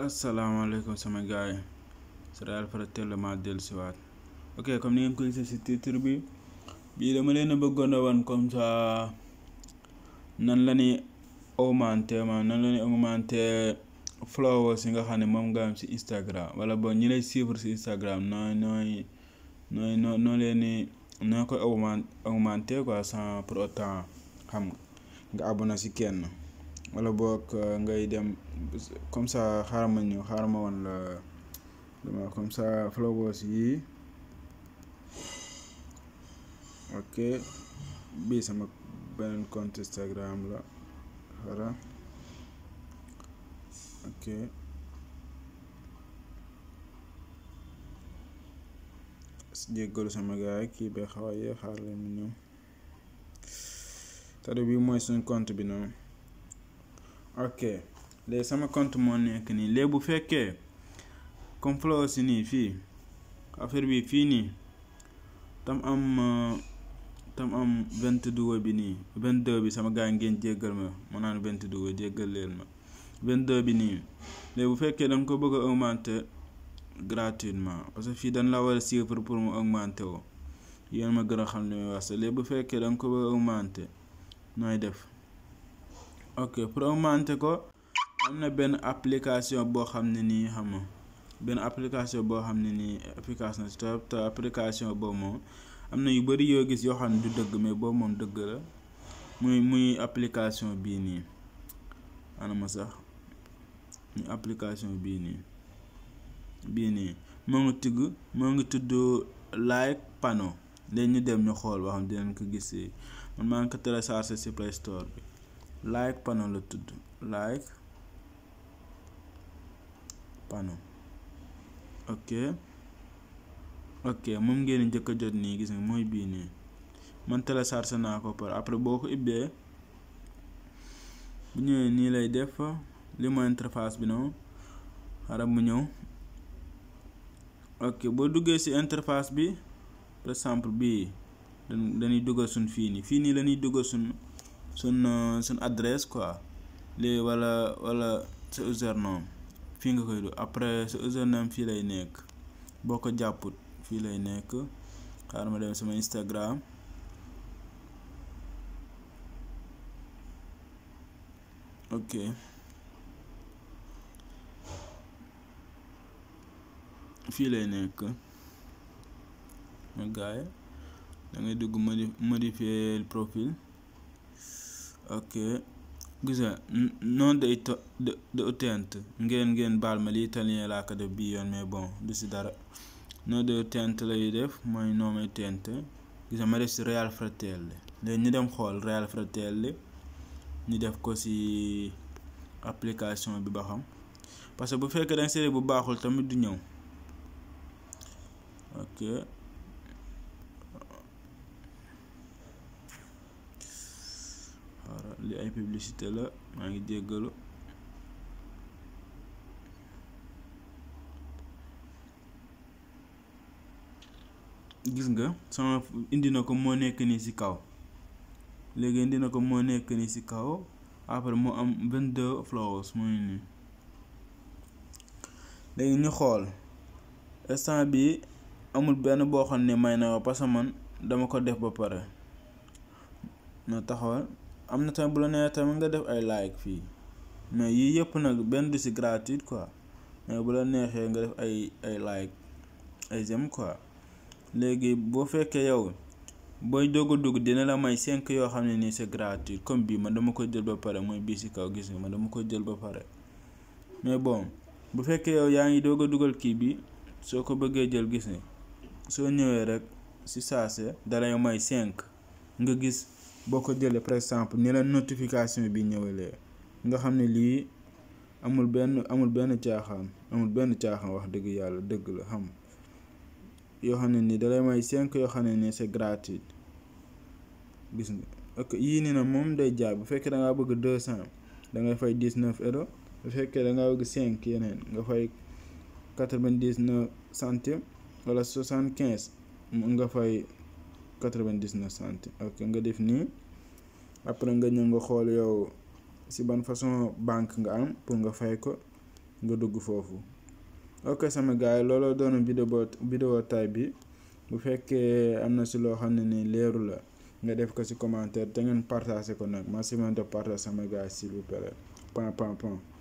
asalaamaaleykum sama gars yi c'est Réal Fara teel ma dellusiwaat ok comme ni ngeen ko gisee ci titre bi bii dama leen a bëggoon a wan comme ça nan la ñuy augmenter maanaam nan la ñuy augmenter followers yi nga xam ne moom nga am ci Instagram wala bon ñi lay suivre ci Instagram nooy nooy nooy noo noo leen ni noo koy augmenter quoi sans pour autant xam nga abonné ci kenn. wala boog euh, ngay dem comme sa xaaral ma ñëw xaaral ma woon la dama comme ça flowers yi ok bii sama beneen compte Instagram la xaaral ok jéggalu sama gaay kii ba xaw xaar leen mu ñëw bi mooy suñ compte bi noonu ok léegi sama compte moo nekk nii lee bu fekkee comme flow si nii fii affaire bii fii nii tam am uh, tam am vingt deux bi nii vingt deux bi sama gars ngeen jéggal ma ma naan vingt deux jéggal leen ma vingt deux bi nii léegi bu fekkee danga ko bëgg a augmenter gratuitement parce que fii dañ la war a suivre pour mu augmenter woo yéen ma gën xam li muy wax fekkee danga ko bëgg a nooy def ok pour ko am na benn application boo xam ne nii xam nga benn application boo xam ne nii efficace na trop te application moom am na yu bari yoo gis yoo xam ne du dëgg mais boo moom dëgg la muy muy application bii nii anama sax muy application bii nii bii nii moo ngi tigg moo ngi tudd like pano leen ñu dem ñu xool boo xam dinañ ko gis man maa ngi ko téléchargé ci Play Store bi like panneau la tudd like panneau ok ok moom ngeen njëkk a jot nii gis nga mooy bii nii man téléchargé naa ko par après boo ko ibbee bu ñëwee nii lay def fa mooy interface bi noonu xaaral mu ñëw ok boo duggee ci interface bi par exemple bii dañuy dugal suñ fii nii fii nii lañuy dugal suñ sun euh, suñ adresse quoi léegi walla walla sa username fii nga koy du après sa username fii lay nekk boo ko jàpput fii lay nekk xaar ma dem lay nekk ma gaay da dugg modifier profil ok gis nga noonu to de utente ngeen ngeen baal ma li italien laa ko def bii yoon mais bon du si dara non de utente lay def mooy noom utente gis nga ma def si Real Fratelli léegi ñu dem xool Real Fratelli ñu def ko si application bi ba xam parce que bu fekkee dañ série bu baaxul tamit du ñëw ok li ay publicité la maa ngi jéggalu gis nga sama indi na ko moo nekk nii ci kaw léegi indi na ko moo nekk nii ci kaw après mu am vingt-deux flowers mooy nii léegi ñu xool instant bi amul benn boo ne may na parce que man dama ko def ba pare na taxawal am na tamit bu la nee tamit nga def ay like fii mais yii yëpp nag benn du si gratuite quoi mais bu la neexee nga def ay ay like ay j'aime quoi léegi boo fekkee yow booy doog a dugg dina la may cinq yoo xam ne nii c'est gratuit comme bii man dama ko jël ba pare mooy bii si kaw gis nga man dama ko jël ba pare mais bon bu fekkee yow yaa ngi doog a dugal kii bi soo ko bëggee jël gis ni soo ñëwee rek si saase dalay may cinq nga gis boo ko jëlee par exemple ni la notification bi ñëwalee nga xam ne lii amul benn amul benn caaxaan amul benn caaxaan wax dëgg yàlla dëgg la xam yoo xam ne nii dalay may cinq yoo xam ne nii c'est gratuit gis nga ok yii nii na moom day jaar bu fekkee da bëgg deux cent da ngay fay dix neuf euros bu fekkee da ngaa bëgg cinq yeneen nga fay quatre vingt dix neuf centimes wala soixante quinze nga fay. 99 centimes ok nga def nii après nga ñëw nga xool yow si ban façon banque nga am pour nga fay ko nga dugg foofu ok sama gars yi looloo doon vidéo vidéo tay bi bu fekkee am na si loo xam ne ni leeru la nga def ko si commentaire te ngeen partagé ko nag maximum de partage sama gars s'il vous plaît pan pan pan